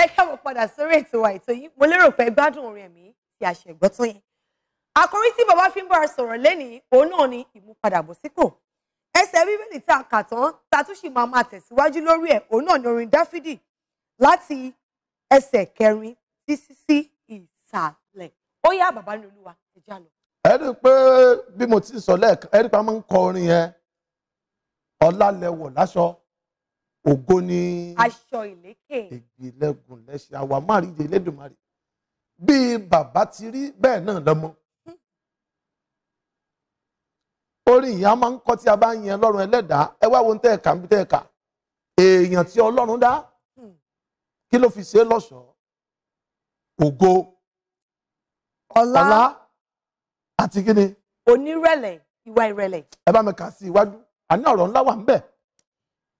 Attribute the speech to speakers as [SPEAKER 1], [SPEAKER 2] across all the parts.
[SPEAKER 1] ẹ káàbọ̀ padà sórí ètò wa ètò yìí mo lérò pé gbádùn orin ẹ̀mí ti àṣẹgbọ́ tó yẹn àkòrí tí bàbá fi ń bára sọ̀rọ̀ lẹ́nìí òun náà ni ìmúpadàbọ̀sípò ẹsẹ̀ bíbélì tá a kà tán tá a tún sì máa máa tẹ̀síwájú lórí ẹ̀ òun náà ni orin dáfídì láti ẹsẹ̀ kẹrin títí sí ìsàlẹ̀ ó yá bàbá ní olúwa ẹ
[SPEAKER 2] lọ. ẹ rí i pé bí mo ti sọ lẹ́ẹ̀kan ẹ rí i pé a máa ń kọ orin yẹn ọlálẹ́wọ̀ láṣọ ògo ni
[SPEAKER 1] aṣọ ìlékè
[SPEAKER 2] ìgbìlẹ̀gùn lẹ́sẹ̀ àwa márìdè lẹ́dùnmarè bí bàbá ti rí bẹ́ẹ̀ náà lọ́mọ. orin ìyá máa ń kọ́ tí a bá ń yan ọlọ́run ẹlẹ́dàá ẹ wá wo ń tẹ́ẹ̀ka ń bí tẹ́ẹ̀ka èèyàn tí ọlọ́run dá kí ló fi ṣe é lọ́ṣọ̀ọ́ ògo ọlá àti kí ni. onírẹ̀lẹ̀ ìwà ìrẹ̀lẹ̀. ẹ bá mi kà sí iwájú àní ọ̀rọ̀ ńlá wà ń bẹ̀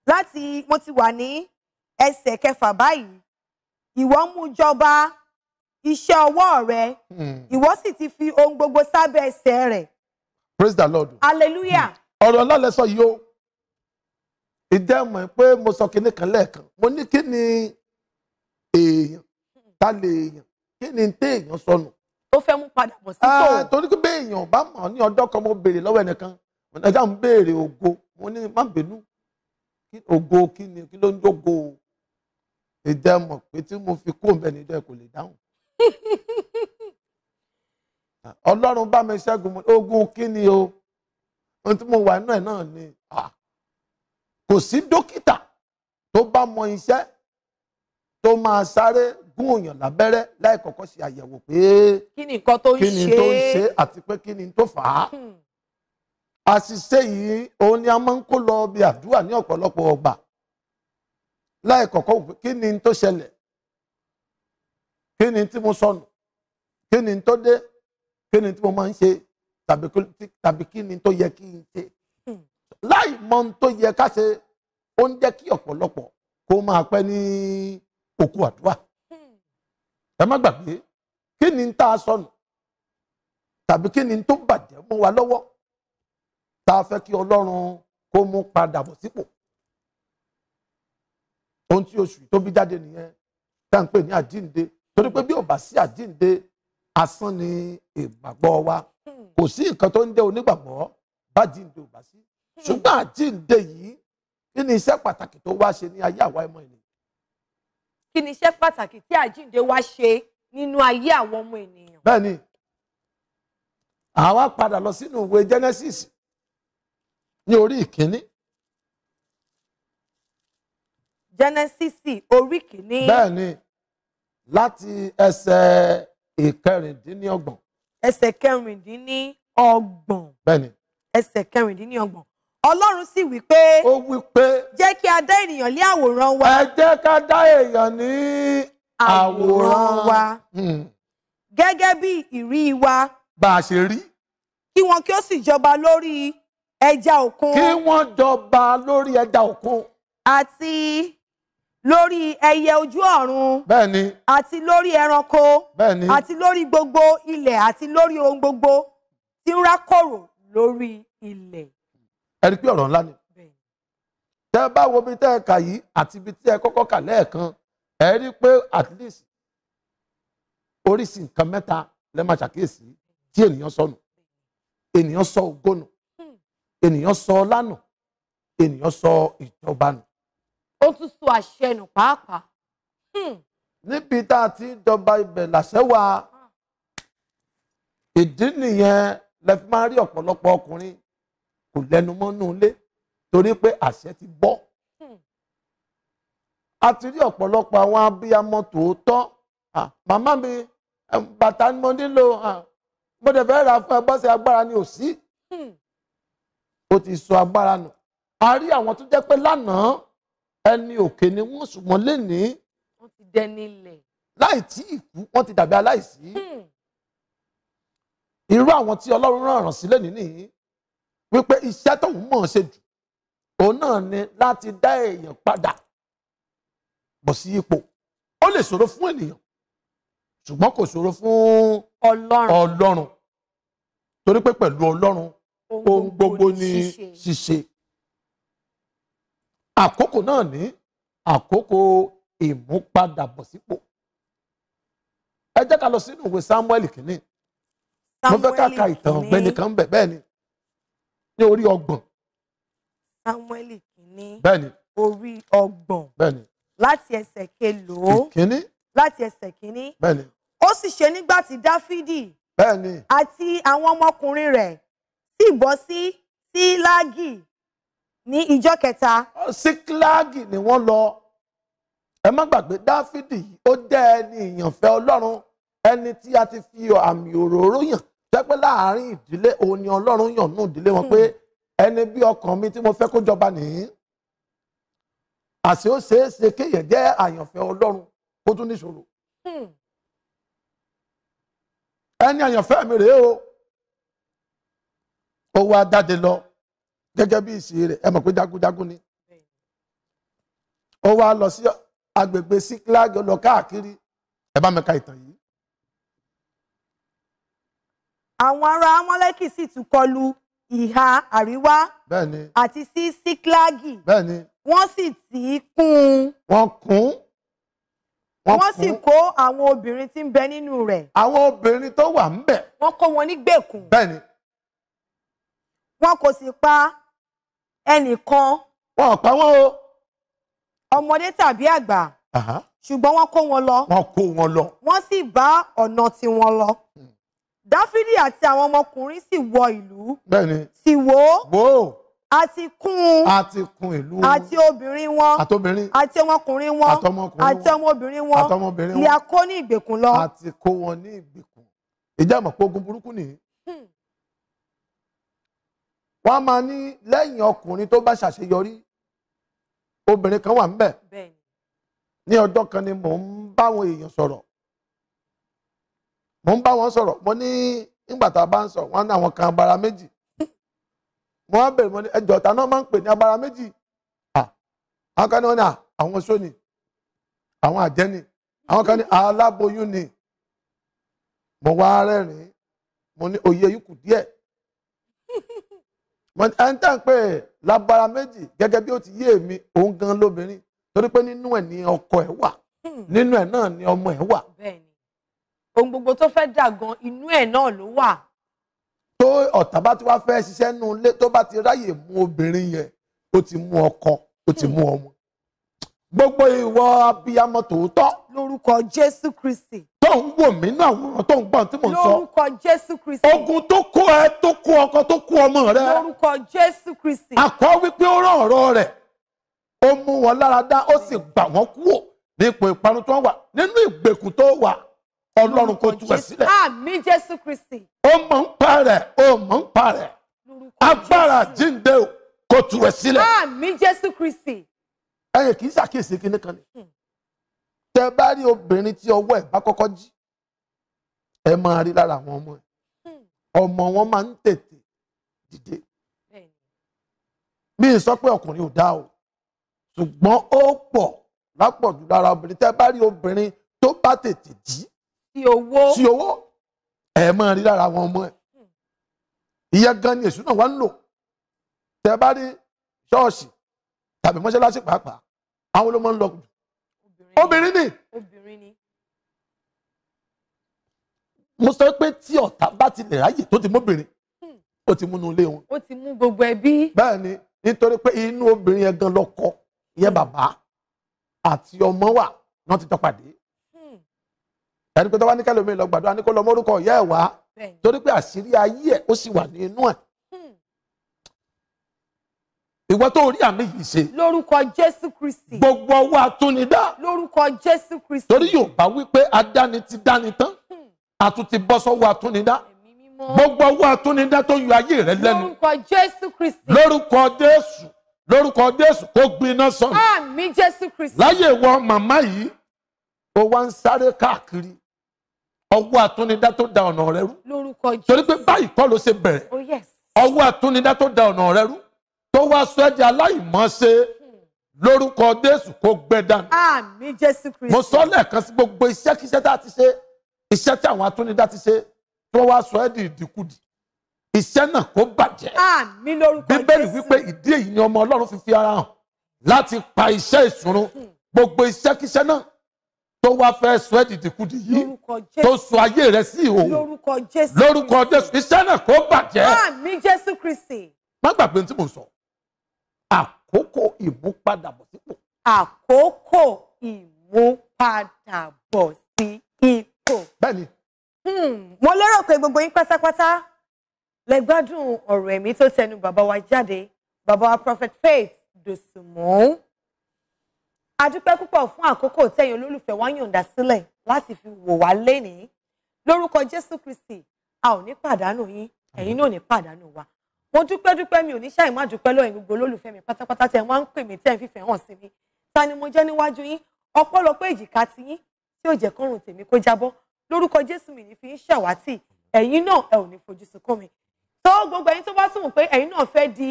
[SPEAKER 1] láti mo ti wà ní ẹsẹ̀ kẹfà báyìí ìwọ mú jọba iṣẹ́ ọwọ́ rẹ hmm. ìwọ sì ti fi
[SPEAKER 2] ohun gbogbo sábẹ́ ẹsẹ̀ rẹ̀. praise the lord. hallelujah. Hmm. ọ̀rọ̀ ọlọ́lẹ̀ sọ yìí o ìdẹ́mọ̀ pé mo sọ kinní kan lẹ́ẹ̀kan mo ní kí ni èèyàn ta lè èèyàn kí ni téèyàn sọnù. ó fẹ́ mú padà bọ̀ sí tòun. Ah, torí pé èèyàn bá mọ̀ ní ọjọ́ kan mo béèrè lọ́wọ́ ẹnìkan ẹ̀dá ń béèrè ògo mo ní má bínú Ogo kí ni kí ló ń dógo ìdẹ mọ̀ pé tí mo fi kó bẹ́ẹ̀ níjọ́ kò lè dáhùn. ọlọ́run bá mi ṣẹ́gun ogun kí ni o ohun tí mo wà nínú ẹ̀ náà ni kò sí dókítà tó bá mọ iṣẹ́ tó máa sáré gún òyàn lábẹ́rẹ́ láì kọ́kọ́ ṣe àyẹ̀wò pé
[SPEAKER 1] kí ni nǹkan tó ń ṣe
[SPEAKER 2] àti pé kí ni tó fà á. Hmm àṣìṣe yìí òun ni a máa ń kó lọ bí àdúrà ní ọ̀pọ̀lọpọ̀ ọgbà láì kọ́kọ́ kí ni tó ṣẹlẹ̀ kí ni tí mo sọnù kí ni tó dé kí ni tí mo máa ń ṣe tàbí kí ni tó yẹ kí n ṣe hmm. láì mọ ohun tó yẹ ká ṣe ó ń jẹ́ kí ọ̀pọ̀lọpọ̀ kó máa pẹ́ ní òkú àdúrà hmm. ẹ má gbàgbé kí ni tá a sọnù tàbí kí ni tó bàjẹ́ mú wa lọ́wọ́ tá a fẹ́ kí ọlọ́run kó mú padà bọ̀ sípò ohun tí oṣù tó bí jáde nìyẹn tá n pè ní àjínde torí pé bí ò bá sí àjínde asán ni ìgbàgbọ́ wa kò sí nǹkan tó ń jẹ́ onígbàgbọ́ bá jíǹde ò bá sí ṣùgbọ́n àjínde yìí kí ni iṣẹ́ pàtàkì tó wá ṣe ní ayé àwa ọmọ ènìyàn.
[SPEAKER 1] kí ni iṣẹ́ pàtàkì tí àjínde wá ṣe nínú ayé àwọn ọmọ ènìyàn.
[SPEAKER 2] bẹ́ẹ̀ni àwa padà lọ sínú ìwé Genesis ní orí ìkíní. jẹnẹsísì orí kìíní. bẹ́ẹ̀ni láti ẹsẹ̀ ìkẹrìndínlọ́gbọ̀n. ẹsẹ̀ kẹrìndínlọ́gbọ̀n. bẹ́ẹ̀ni. ẹsẹ̀ kẹrìndínlọ́gbọ̀n. Ọlọ́run sì
[SPEAKER 1] wí pé. ó wí pé. jẹ́ kí a dá ènìyàn ní àwòrán wa. ẹ jẹ́ ká dá èèyàn ní àwòrán wa. Hmm. gẹ́gẹ́ bí ìrí wa.
[SPEAKER 2] bá a ṣe rí.
[SPEAKER 1] kí wọn kí ó sì jọba lórí ẹja òkun. kí wọ́n jọba lórí ẹja òkun. àti lórí ẹyẹ ojú ọ̀run. bẹ́ẹ̀ni. àti lórí ẹranko. bẹ́ẹ̀ni. àti lórí gbogbo ilẹ̀ àti lórí
[SPEAKER 2] ohun gbogbo tí ń rákòrò lórí ilẹ̀. ẹ rí pé ọ̀rọ̀ ńlá ni. tẹ́ bá wo bí tẹ́ ẹ kà yìí àti ibi tí ẹ kọ́kọ́ kà lẹ́ẹ̀kan ẹ rí pé at least oríṣi nǹkan mẹ́ta lẹ́ẹ̀ máa ṣàkíyèsí tí ènìyàn sọnù ènìyàn sọ ògo ènìyàn sọ ọlá nù ènìyàn sọ ìjọba nù. ó tún sọ àṣẹ nù pàápàá. Hmm. níbi tá a ti ń jọba ibẹ̀ làṣẹ wà ìdí nìyẹn lẹ fi máa rí ọ̀pọ̀lọpọ̀ ọkùnrin kò lẹ́nu mọ́nú ilé torí pé àṣẹ ti bọ́. Hmm. a ti rí ọ̀pọ̀lọpọ̀ àwọn abiyamọ tòótọ́ màmá mi bàtà ni mo nílò mo dẹ̀ fẹ́ ra fún ẹ bọ́sẹ̀ agbára ni ò sí. Hmm ó ti sọ agbára nù a rí àwọn tó jẹ́ pé lánàá ẹni òkè ni wọ́n ṣùgbọ́n lẹ́ni. wọ́n ti dẹni ilẹ̀. láì tí ìkú wọ́n ti dàbí aláìsí. Hmm. irú àwọn tí ọlọ́run rán ràn sílẹ̀ nìyí wípé iṣẹ́ tóun mọ̀ ṣe jù òun náà ni láti dá èèyàn padà bọ̀ sí ipò ó lè ṣòro fún ènìyàn ṣùgbọ́n kò ṣòro fún ọlọ́run torí pé pẹ̀lú ọlọ́run ohun gbogbo ni ṣíṣe àkókò náà ní àkókò ìmúpadàbọ̀sípò ẹ jẹ́ ká lọ sínú ìwé Sámúẹ́lì kìíní mo fẹ́ ká ka ìtàn ọ̀gbẹ́ni kan bẹ̀ bẹ́ẹ̀ ni ní orí ọgbọ̀n
[SPEAKER 1] Sámúẹ́lì kìíní bẹ́ẹ̀
[SPEAKER 2] ni orí ọgbọ̀n bẹ́ẹ̀ ni
[SPEAKER 1] láti ẹsẹ̀ kelòó kìíní láti ẹsẹ̀ kìíní bẹ́ẹ̀ ni ó sì ṣe nígbà tí Dáfídì àti àwọn ọmọkùnrin rẹ̀ sì bọ́ sí síláàgì
[SPEAKER 2] ní ìjọ kẹta. síláàgì ni wọ́n lọ ẹ má gbàgbé dáfídì ó jẹ́ ẹni ìyànfẹ́ ọlọ́run ẹni tí a ti fi àmì òróró yàn jẹ́ pé láàárín ìdílé òun ni ọlọ́run yàn nù ìdílé wọn pé ẹni bí ọkàn mi tí mo fẹ́ kó jọba nìyí àṣé ó ṣeé ṣe kéèyàn jẹ́ àyànfẹ́ ọlọ́run kó tún níṣòro hmm. ẹni àyànfẹ́ mi rèé o ó wá jáde lọ gẹ́gẹ́ bí ìṣe rẹ̀ ẹ mọ̀ pé jagunjagun ni ó wá lọ sí agbègbè síkíláàgì lọ káàkiri ẹ bá mi ka ìtàn yìí.
[SPEAKER 1] àwọn ará amọ́lẹ́kì sì tún kọlu ìhà àríwá àti sí síkíláàgì wọ́n sì tì kún un. wọ́n kún un wọ́n sì kó àwọn obìnrin tí ń bẹ nínú rẹ̀. àwọn obìnrin tó wà ń bẹ̀. wọ́n kó wọn ní bẹ́ẹ̀ni wọn kò sì pa ẹnìkan. wọn ò pa wọn o. ọmọdé tàbí àgbà. ṣùgbọ́n wọ́n kó wọn lọ.
[SPEAKER 2] wọ́n kó wọn lọ.
[SPEAKER 1] wọ́n sì bá ọ̀nà tiwọn lọ. Hmm. dáfídì àti àwọn ọmọkùnrin sì wọ ìlú. bẹ́ẹ̀ni. sì wò ó. wò ó àti kún
[SPEAKER 2] àti kún ìlú àti obìnrin wọn àti obìnrin àti ọmọkùnrin wọn àtọmọkùnrin àti ọmọbìnrin wọn àtọmọbìnrin wọn ni a kó ní ìgbèkùn lọ àti kó wọn ní ìgbèkùn ìjà àmọ́ pé ogun burúkú nìyí wọ́n á máa ní lẹ́yìn ọkùnrin tó bá ṣàṣeyọrí obìnrin kan wà ńbẹ̀ ní ọjọ́ kan ni mò ń báwọn èèyàn sọ̀rọ̀ mò ń bá wọn sọ̀rọ̀ mo ní nígbà tá a bá ń sọ wọn ní àwọn kan abara méjì mo á bẹ̀rẹ̀ mo ní ẹjọ́ ta náà máa ń pè ní abara méjì àwọn kan ní wọn ní àwọn sóni àwọn àjẹni àwọn kan ní aláboyún ni mo wá rẹ́rìn-ín mo ní òye yìí kù díẹ̀ ẹni tá à ń pè lábara méjì gẹ́gẹ́ bí ó ti yé mi òun gan lóbìnrin torí pé nínú ẹ̀ ni ọkọ ẹ̀ wà hmm. nínú ẹ̀ náà ni ọmọ ẹ̀ wà. bẹ́ẹ̀ni ohun gbogbo tó fẹ́ dà gan inú ẹ̀ náà ló wà. tó ọ̀tá bá ti wá fẹ́ ṣiṣẹ́ nínú ilé tó bá ti ráyè mú obìnrin yẹn ó ti mú ọkọ ó ti hmm. mú ọmọ. gbogbo ìwọ abiyamọ tòótọ́ orúkọ jésù kristi. tó ń wò mí náà àwòrán tó ń gbọ́n tí mò ń sọ. lórúkọ jésù kristi. ogun tó kó ẹ tó kó ọkọ tó kó ọmọ rẹ. lórúkọ jésù kristi. àkọ́ wípé ó rán ọ̀rọ̀ rẹ̀ ó mú wọn lára dá ó sì gbà wọ́n kúrò nípò ìparun tó wà nínú ìgbèkùn tó wà ọlọ́run kò tú ẹ sílẹ̀.
[SPEAKER 1] àmín jésù kristi.
[SPEAKER 2] ó mọ̀ ń pa rẹ̀ ó mọ̀ ń pa rẹ̀ agbára jíǹde kò tú ẹ sílẹ̀. àmín jésù kristi. ẹyẹ kì í ṣàkíyèsí kíní kan ni. Hmm tẹ bá rí obìnrin tí ọwọ́ ẹ̀ bá kọ́kọ́ jí ẹ máa rí lára àwọn ọmọ ẹ̀ hmm. ọmọ wọn máa ń tètè dìde mi ì sọ pé ọkùnrin ò dá o ṣùgbọ́n ó pọ̀ lápọ̀jù lára obìnrin tẹ bá rí obìnrin tó bá tètè jí sí owó sí owó ẹ máa rí lára àwọn ọmọ ẹ̀ hmm. ìyẹn gan ni èṣù náà wá ń lò tẹ bá rí ṣọ́ọ̀ṣì tàbí mọ́ṣáláṣí pàápàá àwọn ló máa ń lọ jù obìnrin ni. obìnrin ni. mo sọ pé tí ọ̀tá bá ti lè ráyè tó ti mọ́bìnrin hmm. ó ti múnú ilé wọn. ó ti mú gbogbo ẹbí. bẹ́ẹ̀ ni nítorí pé inú obìnrin yẹn gan lọ́kọ ìyẹn bàbá àti ọmọ wà náà ti tọpàdé. Hmm. ẹni pé tó wá ní kẹlòmíì lọ gbàdúrà ní kó lọ mọ ìyá ẹ̀ wá torí pé àṣírí ayé ẹ̀ ó sì wà ní inú ẹ̀ ìwọ tó rí àmì yìí ṣe. lórúkọ jésù kristi. gbogbo ọwọ́ atúnidá. lórúkọ jésù kristi. torí yorùbá wípé adáni ti dáni tán àtún ti bọ́ sọ́wọ́ atúnidá. gbogbo ọwọ́ atúnidá tó yọ ayé rẹ lẹ́nu.
[SPEAKER 1] lórúkọ jésù kristi.
[SPEAKER 2] lórúkọ jésù lórúkọ jésù kó gbiná sọnù. àmì
[SPEAKER 1] jésù kristi. láyé
[SPEAKER 2] wọ màmá yìí ó wá ń sáré káàkiri ọwọ́ atúnidá tó da ọ̀nà rẹ rú. lórúkọ jésù. torí pé báyìí kọ́ ló ṣe bẹ̀rẹ̀. oh yes. ọwọ́ atúnidá tó da ọ̀nà rẹ rú tó wá sọ ẹ́ di aláìmọ́ṣe lórúkọ Jésù kó gbẹ dànù. àmín Jésù Kristi. mo sọ lẹ́ẹ̀kan sí gbogbo iṣẹ́kíṣẹ́ tá a ti ṣe iṣẹ́ tí àwọn atúnidá ti ṣe tó wá sọ ẹ́ di ìdìkudì iṣẹ́ náà kó bàjẹ́. àmín lórúkọ Jésù. bíbélì wípé ìdí èyí ni ọmọ Ọlọ́run fi fi ara hàn láti pa iṣẹ́ ìsúnrún hmm. gbogbo iṣẹ́kíṣẹ́ náà tó wá fẹ́ sọ ẹ́ dìdìkudì yìí
[SPEAKER 1] tó sọ ayé rẹ sí ìhòòhò
[SPEAKER 2] lórúkọ Jésù iṣẹ́ náà kó bàjẹ́.
[SPEAKER 1] àmín Jésù Kristi.
[SPEAKER 2] má gbàgbé ní tí mò sọ àkókò ìmúpadàbọ̀sípò.
[SPEAKER 1] àkókò ìmúpadàbọ̀sípò. bẹ́ẹ̀ni. Hmm, mo lérò pé gbogbo yín pátápátá lè gbádùn ọ̀rọ̀ ẹ̀mí tó tẹnu bàbá wa jáde bàbá wa prophet faith dòsùnmọ́. a dúpẹ́ púpọ̀ fún àkókò tẹ̀yin olólùfẹ́ wa yọ̀ǹda sílẹ̀ láti fi wò wá lénìí lórúkọ jésù kristi a ò ní pàdánù yín ẹ̀yin náà ò ní pàdánù wa mo dúpẹ́ dúpẹ́ mi ò ní ṣàì má dúpẹ́ lọ́yìn gbogbo olólùfẹ́ mi pátápátá tẹ̀ wọ́n á ń pè mí tẹ̀ ń fìfẹ́ hàn sí mi ta ni mo jẹ́ níwájú yín ọ̀pọ̀lọpọ̀ èjìká ti yín tí ò jẹ́ kọ́rùn tèmi kó jábọ́ lórúkọ jésù mi ní fi ń ṣàwátì ẹ̀yin náà ẹ ò ní fojú sunkún mi tó gbogbo ẹ̀yin tó bá túmọ̀ pé ẹ̀yin náà fẹ́ di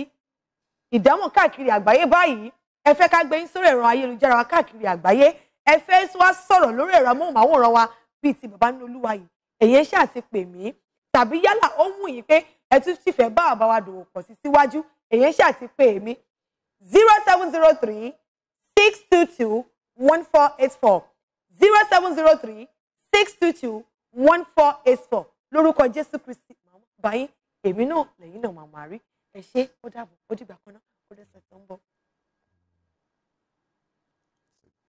[SPEAKER 1] ìdámọ̀ káàkiri àgbáyé báyìí ẹ fẹ́ ká gbé sórí ẹ̀rọ ayélujára wa káàkiri àgbáyé ẹ fẹ́ wá sọ̀rọ̀ lórí ẹ̀rọ amóhùnmáwòrán wa bíi ti bàbá nínú olúwa yìí ẹ̀yin ṣáà ti pè mí tàbí yálà ó wù yín pé ẹ tún sì fẹ́ bá àbá wa dòwò pọ̀ sí síwájú èyàn ṣáà ti pè mí zero seven zero three six two two one four eight four zero seven zero three six two two one four eight four lórúkọ Jésù Kristi màá bá yín èmi náà lẹ́yìn náà màá máa rí ẹ ṣé ó dàbọ̀ ó dìgbà kan náà ó dẹ̀ tó ń bọ̀.